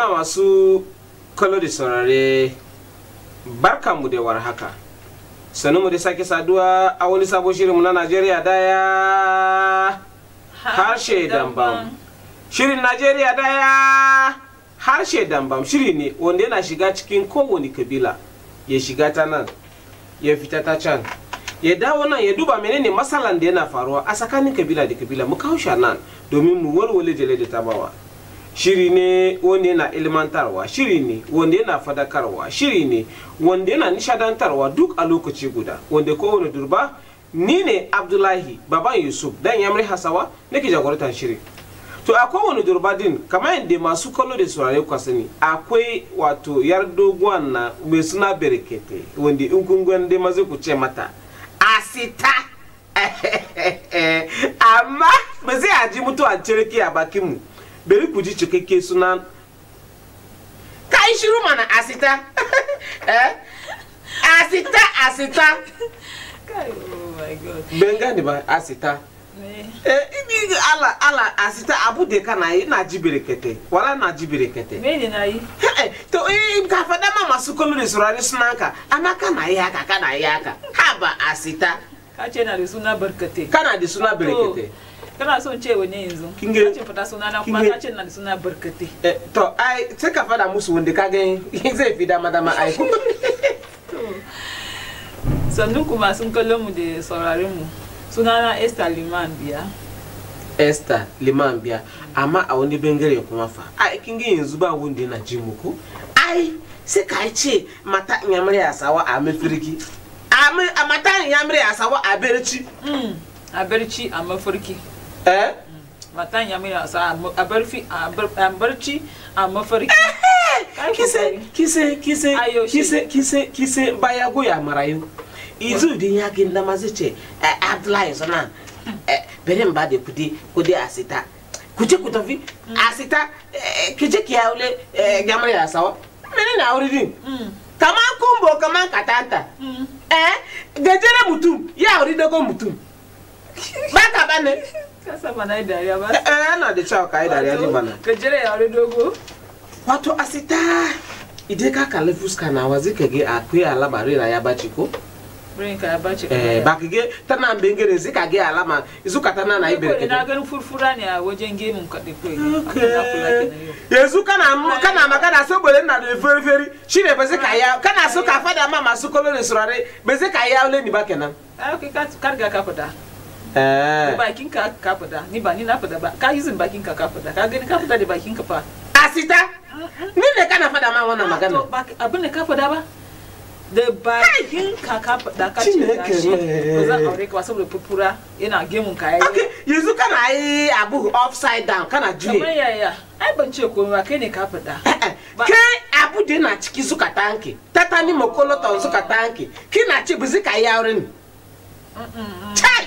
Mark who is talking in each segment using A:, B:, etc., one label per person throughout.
A: jama'a masu kallo da saurare barka da warhaka mu da sake saduwa a wani sabon shirinmu na najeriya daya harshe dambam shirin najeriya daya harshe dambam shiri ne wanda yana shiga cikin kowane kabila ya shiga ta nan ya fita ta can ya dawo nan ya duba menene matsalan da yana faruwa a tsakanin kabila da kabila mu kawo nan domin mu warware da tabawa shiri ne wanda yana ilmantarwa shiri ne wanda yana fadakarwa shiri ne wanda yana nishadantarwa duk a lokaci guda wanda kowane durba ni ne abdullahi baban yusuf dan yamri hasawa nake jagorantar shiri to a kowane durba din kamar yadda masu kallo da saurare kwa sani akwai wato yar doguwan na mai suna berekete wanda in kun dai maza ku ce mata asita amma ba zai aji mutuwa cirki a bakinmu berikujiche keke suna ka anyị shiru mana asịta asita eh? asịta oh bengani ba asịta
B: eh, ibi ala ala
A: asịta abụde ka na anyị na ji berekete wala na-aji berekete
B: eh, to ka ma masu kolori sụrụ anyị suna nka amaka na ihe aka ka na aka ha ba asịta kana di suna berekete kana son ce wani yanzu kin ga ce fata suna na kuma ka ce na da suna barkate eh, to ai sai ka fada musu wanda ka gani zai fi dama dama ai sannan kuma sun kallon mu da sauraron mu suna Esther Liman biya
A: Esther Liman biya amma a wani bangare kuma fa ai kin ga yanzu ba wanda yana ji muku
B: ai sai ka ce mata nyamri
A: asawa a mafirki
B: a mata nyamri asawa a berci a berci mm, a mafarki Eh? Mm. ya sa eh, eh, a a kise kise kise
A: kise kise kise baya goya marayu izu di ya gi ndamazi ce adlai zona bere mba de kudi kudi asita kuje kutofi mm. asita kije kiya ule gamre ya sawa mene na auridin
C: mm.
B: kama kumbo kama katanta eh mutum ya mutum bane kasa ba na yi dariya ba eh,
A: eh ka yi
B: dariya wato asita
A: idan ka fuska na wa zai kage akwai alama rina ya baci ko
B: rinka ya baci eh ba
A: kage tana bengere zai kage alama na ibere na
B: a wajen ka
A: kana kana so na da feri feri shine ba zai ka ya
B: kana so ka fada ma
A: masu kolon surare ka ya ole ni ba
B: ah, ka
A: fada
C: eh
B: bakin ka ka fada ni ba ni na fada ka yuzin bakin ka ka fada ka gani ka fada da bakin ka fa asita ah, ni ne kana fada ma wannan ah, magana abin da ka fada ba da bakin ka ka fada ka ce da shi ba zan aure ka saboda furfura yana gemun ka yayi okay yanzu kana yi abu upside down kana juye kamar yaya ai ban ce komai ba kai ne ka fada eh, eh. kai abu da yana ciki suka tanki
A: tatani makoloton suka tanki k'i na ci bizi ka yi aure ne chai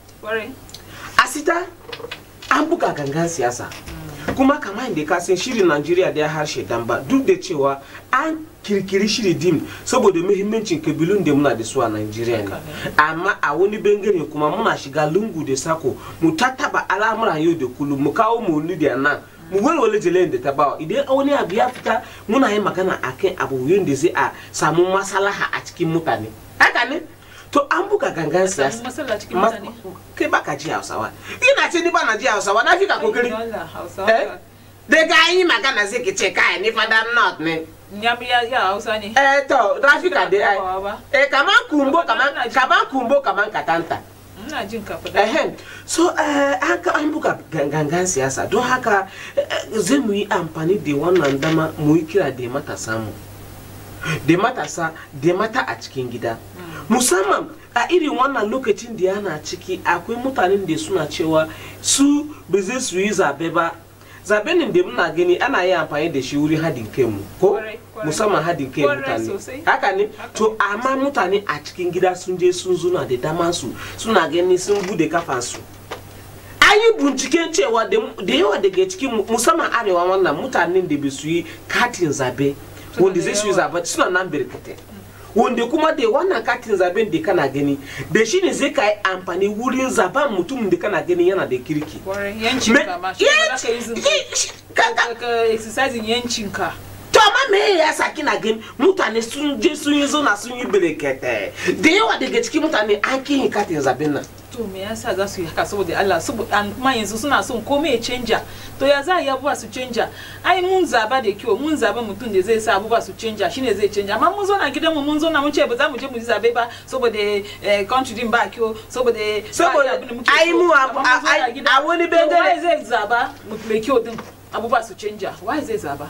A: asita an buga gangan siyasa kuma kama in ka san shirin nigeria da ya harshe damba duk da cewa an kirkiri shiri dim saboda muhimmancin kabilun da muna da su a najeriya ne amma a wani bangare kuma muna shiga lungu da sako mu tattaba al'amuran yau da kullum mu kawo mu da nan mu walwale jelen da ta bawa idan wani abu ya fita muna yin magana akan abu da zai a samu masalaha a cikin mutane haka to an buga gangan siyasa kai ba ka ji hausawa ina ce ni ba na ji hausawa na fi ka kokari eh?
B: ga yi magana sai ki ce kai ni fada not ne Nyami ya ya hausa ne eh
A: to rafika dai eh. ai
B: eh kaman kumbo kaman kaman kumbo kaman katanta ina jin ka
A: fada eh so eh haka an buga gangan siyasa don haka eh, zai mu yi amfani da wannan dama mu yi kira da mata samu. da matasa da mata a cikin gida musamman a irin wannan lokacin da yana ciki akwai mutanen da suna cewa su ba zai su yi zabe ba zaben nan da muna gani ana yi amfani da shi wurin hadin kai mu ko musamman hadin kai mutane haka ne to amma mutane a cikin gida sun je sun zuna da dama su suna gani sun bude kafansu an yi binciken cewa da yawa daga cikin musamman arewa wannan mutanen da ba yi katin zabe wanda zai su zaben suna nan birkitai wanda kuma da wannan katin zaben da kana gani da shi ne zai ka yi amfani wurin zaben mutumin da kana gani yana da kirki
B: yancinka
A: to amma me ya sa kina gani mutane sun je sun yi zo na sun yi birkitai da yawa daga cikin mutane an kin katin zaben nan
B: to me yasa za su yi haka saboda Allah saboda kuma yanzu suna son komai ya canja to ya za a yi abubuwa su canja ai mun zaba da kyau mun zaba mutum da zai sa abubuwa su canja shine zai canja amma mun zo na gidan mu mun zo na mun ce ba za mu je mu ji zabe ba saboda eh, country din ba kyau saboda saboda ai mu a wani bangare zai zaba mai kyau din abubuwa su canja wai zai zaba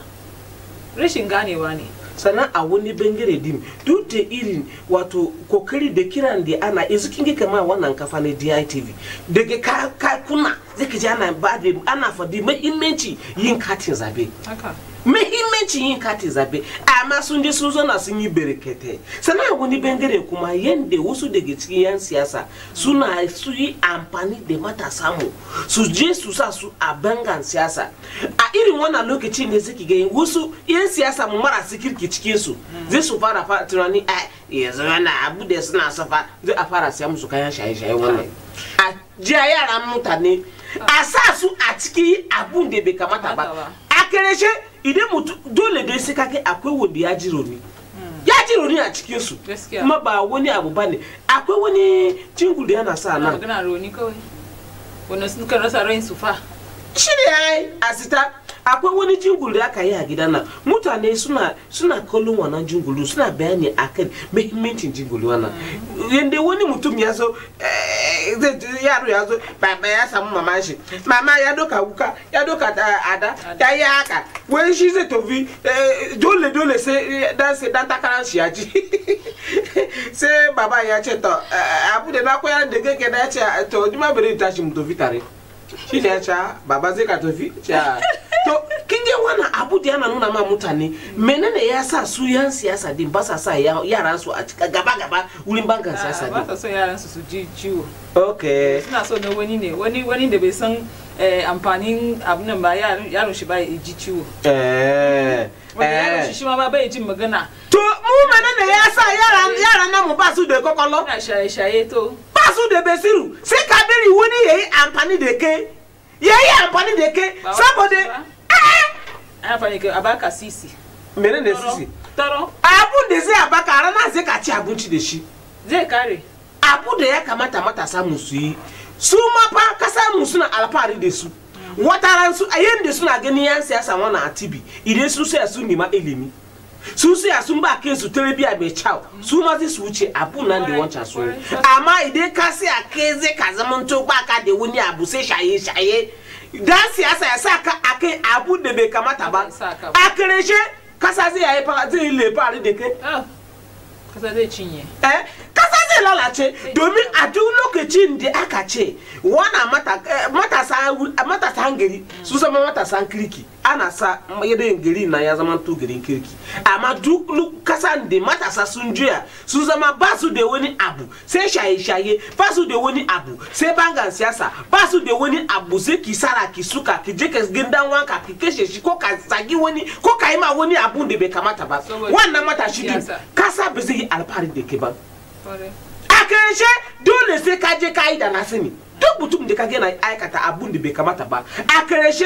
B: rashin ganewa ne
A: sannan a wani bangare din duk da irin wato kokari da kiran da ana yanzu kin ga kamar wannan kafa ne DITV daga ka, ka kuna zaka ji ana ba ana fadi mahimmanci yin katin zabe haka muhimmancin yin katin zabe amma sun je sun zona sun yi berkete sannan wani bangare kuma yadda wasu daga cikin yan siyasa suna su yi amfani da matasa mu su je su sa su a bangan siyasa a irin wannan lokaci ne suke ga wasu yan siyasa mu marasa kirki cikin su zai su fara tunani a yanzu yana abu da suna safa zai a fara siya musu kayan shaye-shaye wannan a jiya yaran mutane a sa su a cikin abun da bai kamata ba a karshe idan mutum dole dai sai kake akwai wanda ya ji rauni ya ji rauni a cikin su kuma ba wani abu bane akwai wani cingul da yana sa nan magana rauni kawai wannan sun kan rasa rain su fa chiri anyị asịta akwawani jingulu aka ya gida na mutane suna suna kallon wannan jingulu suna bayani akan muhimmancin jingulu wannan yanda wani mutum ya zo eh, yaro ya zo baba ya samu mama shi mama ya doka wuka ya doka ada ya aka haka wani shi zai tofi eh, dole dole sai eh, dan sai dan takarar shi ya ji sai baba ya ce to abu da na koyar da gaggai ya ce to jima bari tashi mu tofi tare shi ta yace ah, baba zai ka tafi ah. to kin je wannan abu da yana nuna ma mutane menene ya sa su yan siyasa din ba sa sa yaran
B: su a cika gaba gaba wurin bankan ah, siyasa din ba sa so yaran su su ji ciwo okay suna so ne wani ne wani wani da bai san eh, amfanin abin nan ba yaron shi ba ya ji ciwo
A: eh eh yaron shi
B: ma ba bai jin magana to mu mene ne yasa
A: yara yara na mu basu de kokolo na shaye shaye to basu de besiru se kadiri woni yeyi ampani de ke yeyi ampani de ke sabode eh
B: ampani ke abaka sisi mene ne sisi
A: toro abu de se abaka ara na se kachi abunchi de shi ze kare abu de ya kamata mata samu suyi suma pa kasa musu na alapari de su mm. watara nsu ayen de su na gani yansi asa wana atibi ide su se su nima elimi susu ya sumba kesu tere bi abe chao suma zi suche abu na ndi wancha suni ama ide kasi akeze kazama ntokwa aka de wuni abu se shaye shaye dan siyasa ya sa aka ake abu de be kamata ba akereche kasa zi ya epa zi ile pari deke ah,
B: kasa zi chinye
A: eh la lalace domin a duk lokacin da aka ce wana eh, matasan gari su zama matasan kirki ana sa yanayin gari na ya zama to garin kirki ama duk kasan da matasa sun juya su basu de da wani abu se shaye-shaye basu de da wani abu se banga siyasa basu de da wani abu se ki sara ki suka ki je ka wanka ki kashe shi ko ka zagi wani ko ka ima ma wani abun da bai kamata ba wannan matashi din kasa ba zai yi alfahari da ke ba akirance dole sai ka je ka yi da na sani duk mutum da ka gina aikata abun da bai kamata ba akirance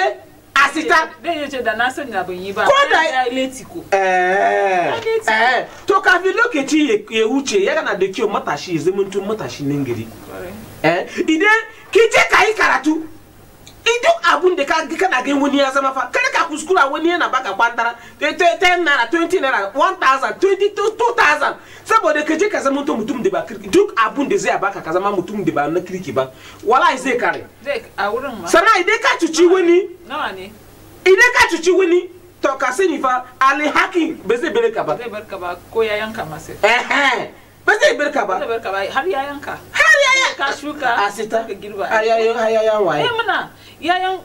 A: a sita dai ce
B: da na sani abin yi ba ko da eh, ya
A: leti eh to kafin lokaci ya wuce yana da kyau matashi ya zamantun matashi nan gari eh idan ki je ka yi karatu duk abun da ka kana gan wani ya zama fa kada ka kuskura wani yana baka kwantara 10 naira 20 naira 1000 2000 saboda ka je ka zama mutum da ba kirki duk abun da zai baka ka zama mutum da ba na kirki ba wallahi zai kare
B: a wurin ma sana idan
A: ka cuci wani nawa ne idan ka cuci wani to ka sani fa alhakin ba zai bare ka ba
B: zai bar ka ba ko yayan ka ma sai ba zai barka ba har yayan har yayan ka shuka a ah, sita ka girba har yayan har yayan waye eh muna yayan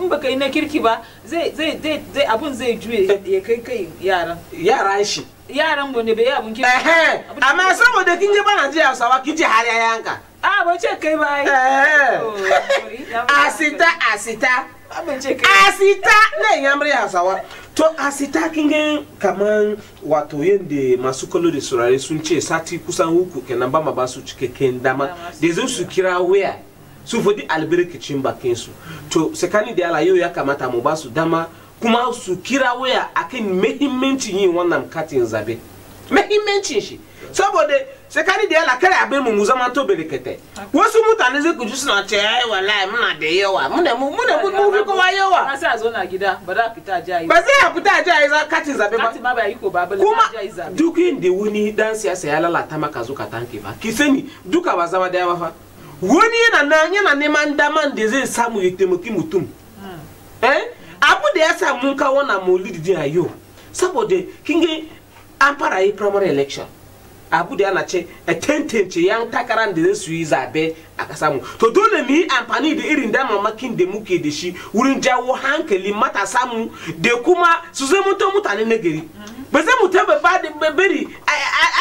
B: in baka yi na kirki ba zai zai zai abun zai juye ya kai kai yaran yaran shi yaran mu ne bai abun kirki eh amma saboda kin je bana jiya sawa kin je har a ah, ba ce kai ba eh
A: asita asita asita ne yamri asawa to asita kin kaman wato yende masu kallo da surare sun ce sati kusan uku kenan ba ma ba su dama da zo su kira waya su fadi albarkacin bakin su to sakani da yau ya kamata mu ba su dama kuma su kira waya akan mahimmancin yin wannan katin zabe mahimmancin shi saboda sekari deɛ la kɛlɛ abe mu muzama to belekɛtɛ wosu mu ta ne se kutu sinɔ
B: cɛ wala mu na de ye wa mu na mu mu na mu mu fi ko wa ye wa. basi a zo na gida bada apita aja yi. basi apita aja yi za kati zabe ma. kati ma bɛ iko ba bele ma aja yi zabe.
A: duki in de wuni dansi ya saya lala tama ka zo ka tan ke ba kise ni duka ba zama daya ba fa wuni yana na yana neman daman da zai samu ya taimaki mutum. abu da ya sa mun kawo na maulidi din a yau saboda kinge an fara yi primary election. abu da yana ce a eh, tantance yan takarar da su yi zabe a kasa mu to dole mu yi amfani da irin damamakin da muke da shi wurin jawo hankali matasa mu da kuma su zama to mutane na gari ba zai mu taba ba bari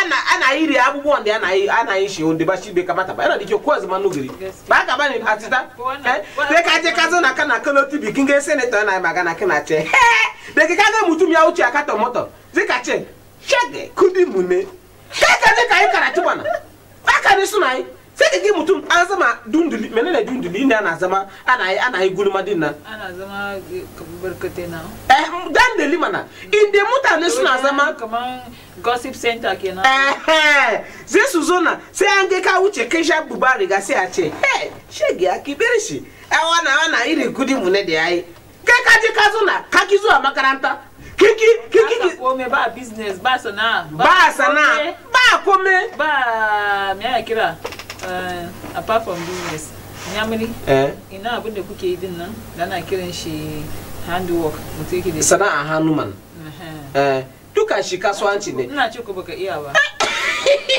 A: ana ana yi da abubuwan da ana yi ana yin shi wanda ba shi bai kamata ba yana da kyau ko zama na gari ba ka bani hatita sai ka je ka zauna kana kallo tv kin ga senator yana magana kana ce da ka ga mutum ya wuce a katon motor zai ka ce shege kudi mu ne kai ka je ka yi karatu mana haka ne suna yi sai ka ga mutum an zama dunduli menene dunduli ne ana zama
B: ana yi ana yi gulma din nan ana zama eh, barkatai na
A: eh dandali mana inda mutane suna zama
B: kaman gossip center kenan
A: eh sai su zo na sai an ga ka wuce kai sha buba riga sai a ce eh shege a ki bar shi eh wana wana iri gudi mu ne da yayi kai ka je ka zo na ka ki zuwa
B: makaranta kiki kiki kome ba business ba sana ba sana ba kome ba me ya kira eh, apart from business nyamiri eh ina abu da kuke idin din nan da ana kiran shi handwork mutum yake da sana'a
A: hannuman eh duka
B: shi kasuwanci ne ina ce ku baka iya ba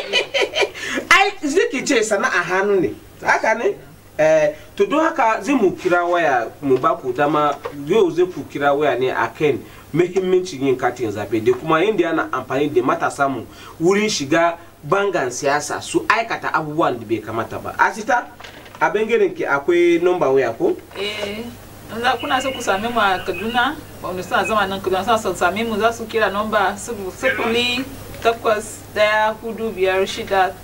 A: ai ziki ce sana'a hannu ne haka ne eh to don haka zai mu kira waya mu ba ku dama yau zai ku kira waya ne a kan muhimmancin yin katin zabe da kuma yadda yana amfani da matasa mu wurin shiga bangan siyasa su aikata abubuwan da bai kamata ba asita a bangaren ki akwai number waya ko
B: eh za kuna so ku same mu a Kaduna wanda zama nan Kaduna sa san same mu za su kira number sifili takwas ɗaya hudu biyar shida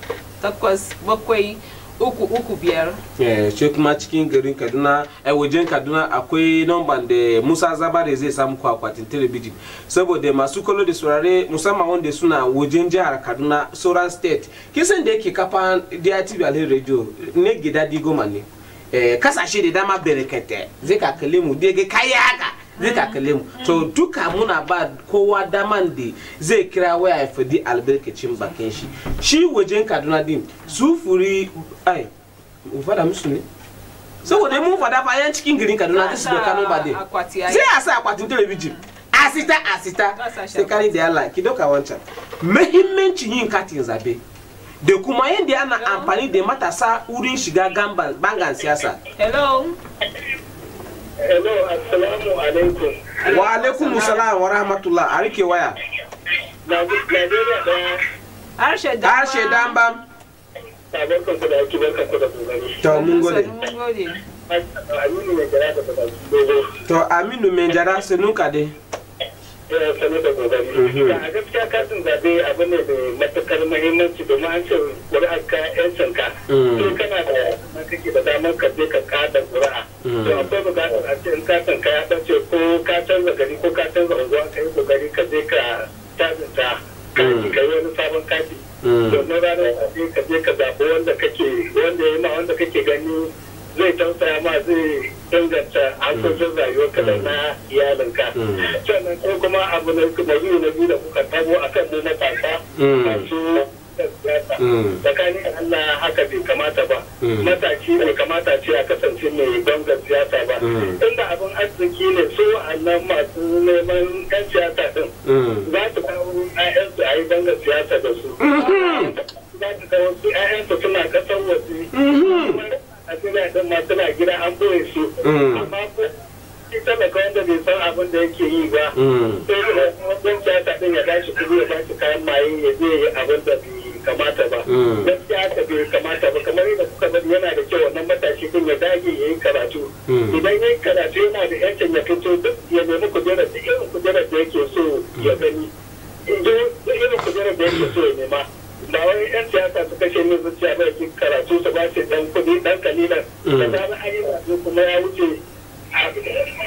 B: takwas bakwai uku uku biyar
C: eh
A: shi kuma cikin garin kaduna a eh, wajen kaduna akwai namban da musa zabare zai samu ku akwatin telebijin saboda masu kallo da surare musamman wanda suna wajen jihar kaduna sauran state kisan da yake kafa DITV alheri radio ne gida digoma ne eh, kasashe da dama berekete zai ka kalle mu dege kaya haka zai kakale mu to duka muna ba kowa daman da zai kira waya ya fadi albarkacin bakin shi shi wajen kaduna din sufuri ai fada musu ne saboda mun fada fa yan cikin girin kaduna ta su doka number din sai a sa akwatin talabijin asita asita sai kari da yalla ki doka wancan muhimmancin yin katin zabe da kuma yadda ana amfani da matasa wurin shiga bangan siyasa
C: hello Hello, assalamu alaikum. Wa alaikum
A: salam wa rahmatullah. A rike waya.
C: Najeriya daya. Harshe damba. Harshe damba. Barkan ku da aiki, barkan ku da kokari. To mun gode.
A: To Aminu Menjara Sunuka dai.
C: yana sanu da kokari a gaskiya katin zaɓe abu ne da matakar muhimmanci domin an ce ƙuri'a ka yancin ka to mm. kana da na kake da damar ka je ka kada ƙuri'a mm. to akwai buƙatar a ce in ka katin ka ya ɓace ko ka canza gari ko ka canza unguwa ka yi kokari ka je ka tazinta kati mm. ka yi wani sabon kati domin ranar zaɓe ka je ka zaɓi wanda kake wanda ya yi ma wanda kake gani zai tausaya ma zai inganta hankokin rayuwarka da mm. na iyalinka mm. sannan ko kuma abu na biyu na biyu da kuka tabo a kan mu matasa mm. masu tsakanin Allah haka bai kamata ba matashi bai kamata ce a kasance mai gangar siyasa ba inda abin arziki ne su wa'annan masu neman yan siyasa din za su kawo 'ya'yansu a yi gangar siyasa da su mm-hmm. za su kawo 'ya'yansu suna kasan wasu a tuna din ma suna gida an boye su mm. amma shi talaka wanda bai san abin da yake yi ba mm. sai da wajen ta din ya tashi kuɗi ya tashi kayan maye ya je ya abin da bai kamata ba mm. gaskiya haka bai kamata ba kamar yadda kuka bari yana da kyau wannan matashi din ya dage ya yi karatu idan ya yi karatu yana da yancin ya fito duk ya nemi kujerar da irin kujerar da yake so ya gani irin kujerar da yake so ya nema ba wai yan siyasa su kashe min zuciya ba su karatu su ba ce dan kuɗi dan kalilan mm. da zarar an yi zaɓe kuma ya wuce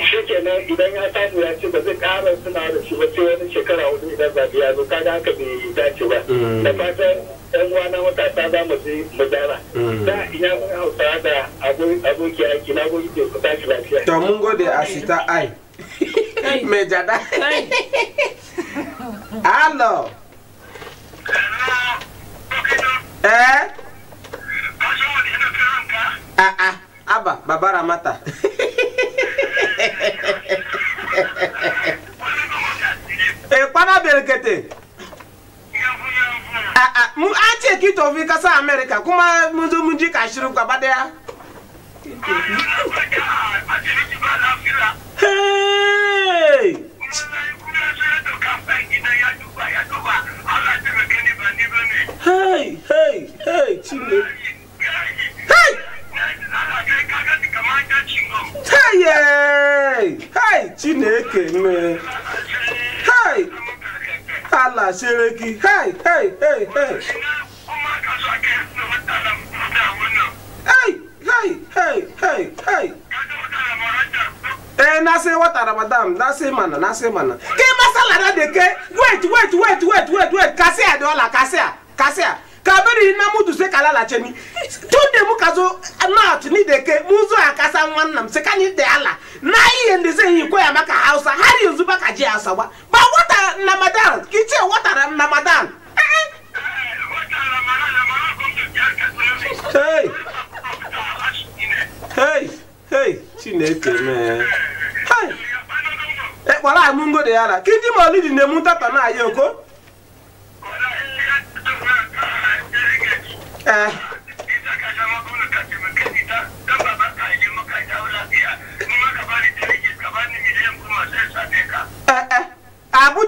C: shi kenan idan ya samu ya ce ba zai ƙara suna da shi ba sai wani shekara hudu idan zaɓe ya zo kaga haka bai dace ba mm. da fatan yan uwa na matasa za mu je mu dara mm. da ina mun hausa da aboki aiki na goyi ke ku tashi lafiya. to mun gode a
A: sita ai
C: mai
D: jada.
A: alo. ẹ. Ah, ah. Eh, ah, a aba babara mata. ekpana berekete. a a mu an ce ki tofi kasa amerika kuma mun zo mun ji kashirin gaba daya. Allah sereki hey hey hey hey hey hey hey hey hey eh na say watara madam na say mana na say mana ke masala da de ke wait wait wait wait wait wait kasia de ola kasia kasia kabiri na mudu se kala la cheni tunde mu kazo not ni de ke muzo kasa nwanna m se kanyi de ala na yi ndi se yi kwa ya maka hausa hari yanzu baka ji asawa Ramadan ki ce watan Ramadan Hey! Hey! Hey! Chineke man. Hey! eh, anyị mụ ngode ya la, ka ndị ma olidi na-emu tata na anyị Eh.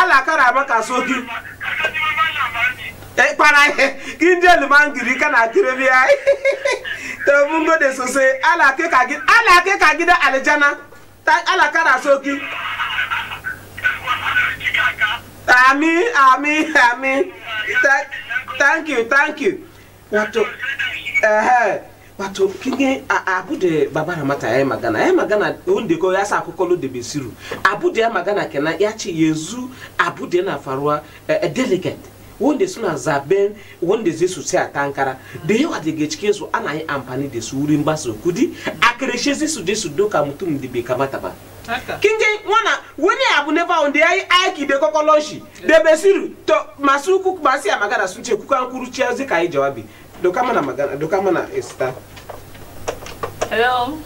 A: ala kara abaka soki kpara ihe ndị elumangiri ka na-akịrịlị ya tebungode sose ala ke ka gide alijana ala kara soki ami ami ami thank you thank you wato ehe wato um, kinge abude babara mata ya magana ya magana wanda ko ya sa kokolo da besiru abude ya magana kenan ya ce yanzu abude na faruwa e, e, delegate wanda suna zaben wanda zai su sai a tankara da de ge cikin su ana yin amfani de su wurin basu kudi a karshe sai su de su doka mutum da bai kamata ba
B: kin ga wana
A: wani abu ne fa wanda yayi aiki da kokolon shi da besiru to masu kuku masu ya magana sun ce kukan kuruciya zai kai jawabi doka mana magana doka mana ista
C: hello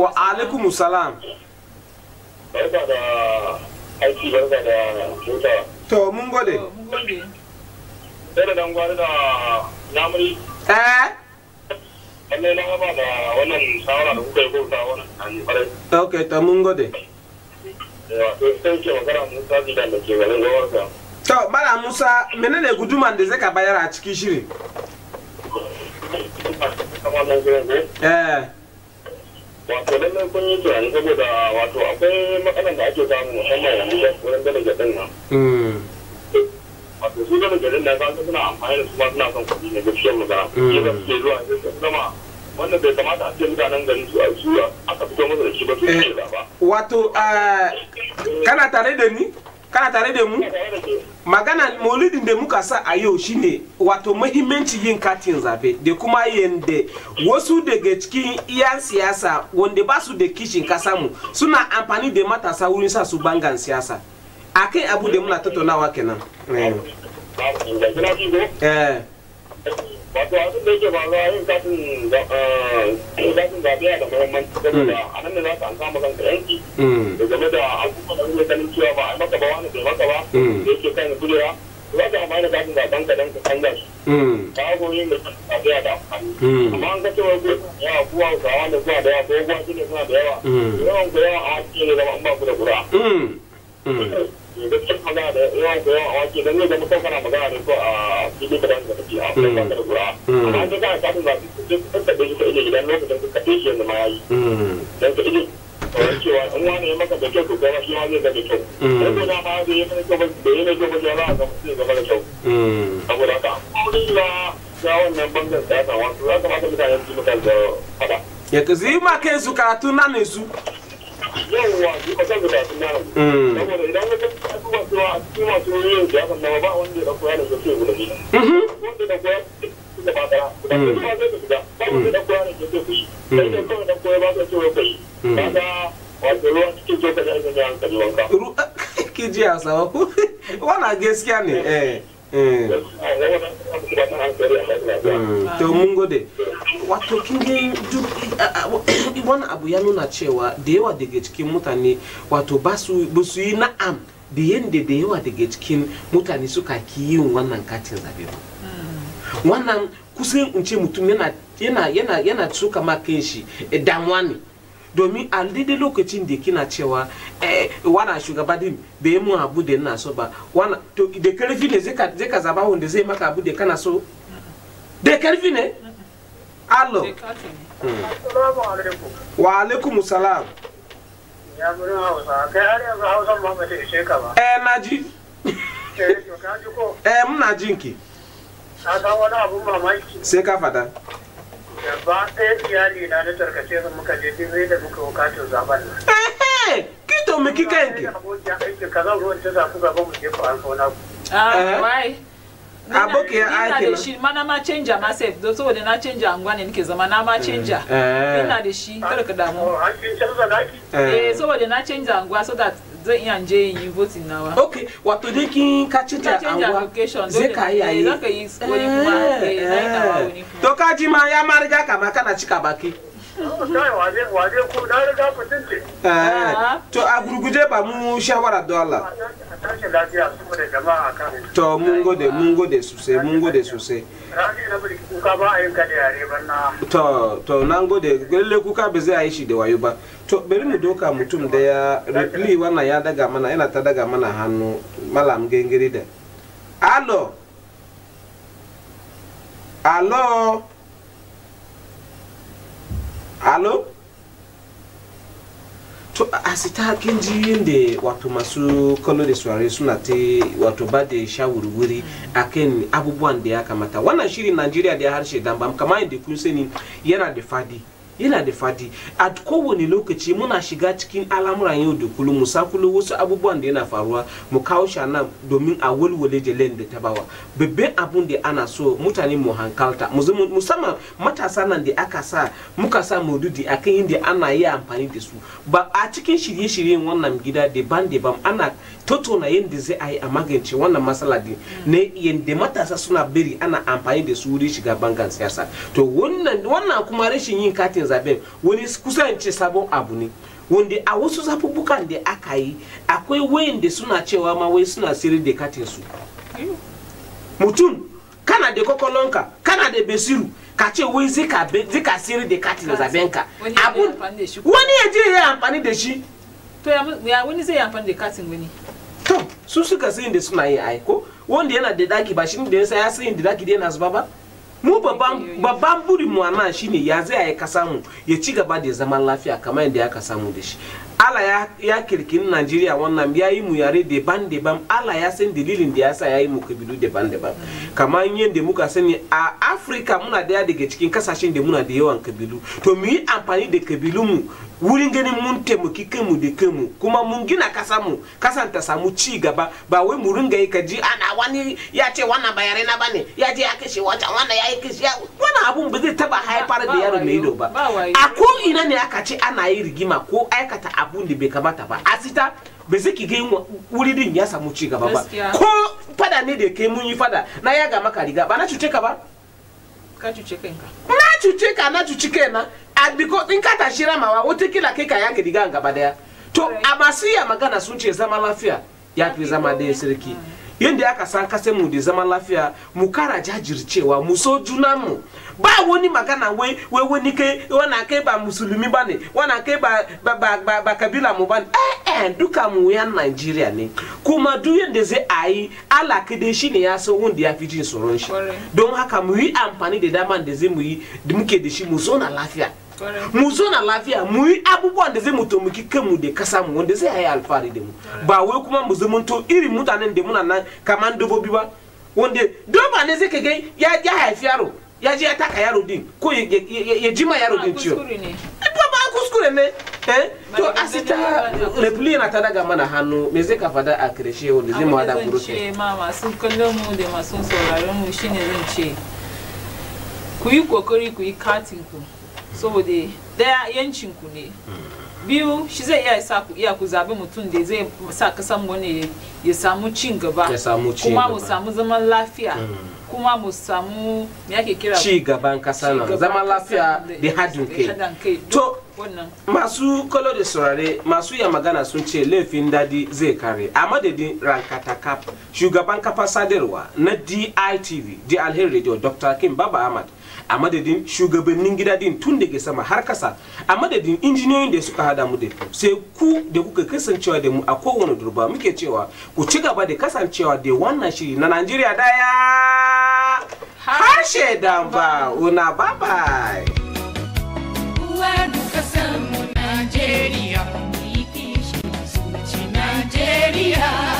C: wa alaikum salam barka da aiki barka da hutawa to mun gode sai da dan gwari da namuri eh lalle na gaba da wannan shawara da kuka yi ko ta wannan an
A: ok okay to mun gode
C: eh to sai ke magana mun sabi da ke garin gawarka
A: To, Bala Musa, menene guduman da zai ka bayar a cikin shiri
C: Eh. wato lallai kun yi tunani saboda wato akwai da ake samu musamman wurin nan. Hmm. wato su nan suna amfani da su suna son kuɗi ne gaskiyar magana. Yi hmm. zuwa zama wannan bai kamata a ce mutanen su a su aka fito masa da shi ba su ne eh, ba.
A: Wato eh, kana tare da ni? kana tare da mu magana maulidin da muka sa a yau shine wato mahimmanci yin katin zabe da kuma yadda wasu daga cikin iyan siyasa wanda ba su da kishin kasa mu suna amfani da matasa wurin sa su bangan siyasa akai abu da muna tattaunawa kenan
C: wato abin da yake faruwa yin katin ah, katin zaɓe da muhimmanci saboda hmm. a nan ne za ka an samu kanka yanki hmm. da game da abubuwan da kuke ganin cewa ba a maka ba wani bai maka ba hmm. da yake kan kujera za ka amfani da katin zaɓen ka don ka canza shi ba ko yin da zaɓe yana da amfani amma an ka cewa ko yawa kuwa hausawa da kuwa da yawa ko kuwa shi ne suna da yawa yawan ku a haske ne zama an ba ku da kura. Gaskiya da yawan ku yawan a haske don Hmm. Hmm. Hmm. kan da ruwa amma dai ba samu ba duk kuka da kuka iya gidan lokacin ka cewa in wani ya maka da kyau ko kuma ma zai ga kyau ko da ma zai yi a a ya wannan bangar da ya samu wasu ya kamata
A: ka zai ma kai su karatu na ne su
C: yawwa su ka da karatu na ne saboda idan mutum cewa a cikin masu yin na ba wanda ya da zafi ne wanda da koya da ba da da kuma zai da ba wanda da koya da zafi ku yi sai da da ba kai ba wato ruwan cikin zoka da wanka
A: ki ji a sawa ku wannan gaskiya ne to mun gode wato kin duk wani abu ya nuna cewa da yawa daga cikin mutane wato ba su yi na'am da yadda da yawa daga cikin mutane suka ki yin wannan katin zabe ba wannan hmm. kusan in ce mutum yana yana yana yana suka ma kan shi e damuwa ne domin a daidai lokacin da kina cewa eh wana shugaba din bai yi mun abu da yana so ba wana to da karfi ne zai ka zaba wanda zai maka abu da kana so da karfi ne allo wa alaikum salam
C: ya gurin hausa kai har yanzu hausan ba mace ishe ka ba eh na ji eh,
A: eh muna jin ki
C: ka san wani abun mamaki sai ka fada gaba ɗaya iyali na na tarkace su muka je duk da muka bukatar zaben nan eh, eh, kito me kika yanki abokin aiki ka zan ruwan ta zafi gaba mu je ku alfona ku ah wai abokia ake na shi
B: mana ma change myself don na change zama na ma change ina ka na change angwa so that iya yin wato kin
A: ka change angwa ma kama kana Eh, to a ba mu shawara a Allah to mun gode mun gode sosai mun gode sosai to to nan gode lalle kuka ba zai yi shi da wayo ba to bari mu doka mutum da ya reply wannan ya daga mana yana ta daga mana hannu malam gengiri da alo alo alo to a sita kin ji yadda wato masu kallo da suware suna ta wato ba da wuri akan abubuwan da ya kamata wannan shirin najeriya da ya harshe dan bam kamar yadda kun sani yana da fadi yana da fadi a kowane lokaci muna shiga cikin al'amuran yau da kullum musakulu wasu abubuwan da yana faruwa mu kawo shi nan domin a walwale da da ta bawa babban abun da ana so mutane mu hankalta musamman matasa nan da aka sa muka sa maududi akan yin da ana yi amfani da su ba a cikin shirye-shiryen wannan gida daban-daban ana tattauna yadda zai a yi a magance wannan matsala din na yadda matasa suna biri ana amfani da su wurin shiga bangan siyasa to wannan kuma rashin yin katin zaben wani kusan ce sabon abu ne wanda a wasu zafubukan da aka yi akwai da suna cewa ma wai suna sirri da katin su mutum kana da kokolonka kana da besiru ka
B: ce wai ka sirri da katin zabenka wani ya je ya amfani da shi to ya wani zai amfani da katin wani
A: su suka sayin da suna yi ai ko wanda yana da daki ba shi da yasa ya sayin da daki da yana zuba ba mu babban burin mu nan shine ya zai ya kasa mu ya ci gaba da zaman lafiya kamar yadda ya ka samu da shi ala ya ya kirkin Najeriya wannan ya yi mu yare daban-daban Allah ya san dalilin da ya sa ya yi mu kabilu daban-daban kamar yadda muka sani a Afirka muna daya daga cikin kasashen da muna da yawan kabilu to mu yi amfani da kabilu mu wurin ganin mun taimaki kanmu da kanmu kuma mun gina mu kasan ta samu ci gaba ba wai mu ringa yi kaji ana wani ya ce wannan ba yare na bane ya je ya kashe wata wannan ya yi kashe wannan abun ba zai taba haifar da yaro mai ido ba a ko ina ne aka ce ana yi rigima ko aikata abun da bai kamata ba asita ba zai ki ga wuri din ya samu ci gaba ba ko fada ne da kai mun yi fada na ya ga maka riga ba na cuce ka ba
B: ka cuce kanka
A: na cuce ka na cuce na because in ka tashi ramawa watakila kai ka yanka diga gaba daya to a masu iya magana sun ce zama lafiya ya fi zama daya sarki yadda aka san kasa mu da zama lafiya mu kara jajircewa mu so juna mu ba wani magana wai wai wani kai wannan kai ba musulmi ba ne wannan kai ba ba, ba, ba, ba kabila mu ba ne eh eh duka mu yan Najeriya ne kuma duk yadda zai ayi Allah kadai shine ya san wanda ya fi jin tsoron shi don haka mu yi amfani da daman da zai mu yi muke da shi mu zo na lafiya mu na lafiya mu yi abubuwan da zai mu taimaki kanmu da kasa mu wanda zai yi alfahari da mu ba wai kuma mu zumunto irin mutanen da muna nan kamar dubobi ba wanda doba ne zai kage ya ya haifi yaro ya je ya taka yaro din ko ya jima yaro din ciwo ba
B: eh,
A: ba kuskure ne eh to asita republic na ta daga mana hannu me zai ka fada a karshe wanda zai mu
B: ma masu kallon mu da masu sauraron mu shine zan ce ku yi kokari ku yi katin ku saboda daya yancin ku ne biyu shi zai iya sa ku iya ku zabi mutum da zai sa ka samu ne ya samu cin gaba kuma mu samu zaman lafiya hmm. kuma mu samu me yake kira ci gaban kasa
A: nan zaman lafiya da hadin kai to masu kolo da saurare masu ya magana sun ce laifin dadi zai kare a madadin rankata kap shugaban kafa sadarwa na DITV di alheri radio Dr. Kim Baba Ahmad a madadin shugabannin gida din tun daga sama har kasa a madadin injiniyoyin da suka hada mu da sai ku da kuka kasancewa da mu a kowane durba muke cewa ku ci gaba da kasancewa da wannan shiri na Najeriya daya harshe damba una bye bye
D: Yeah. Najeriya.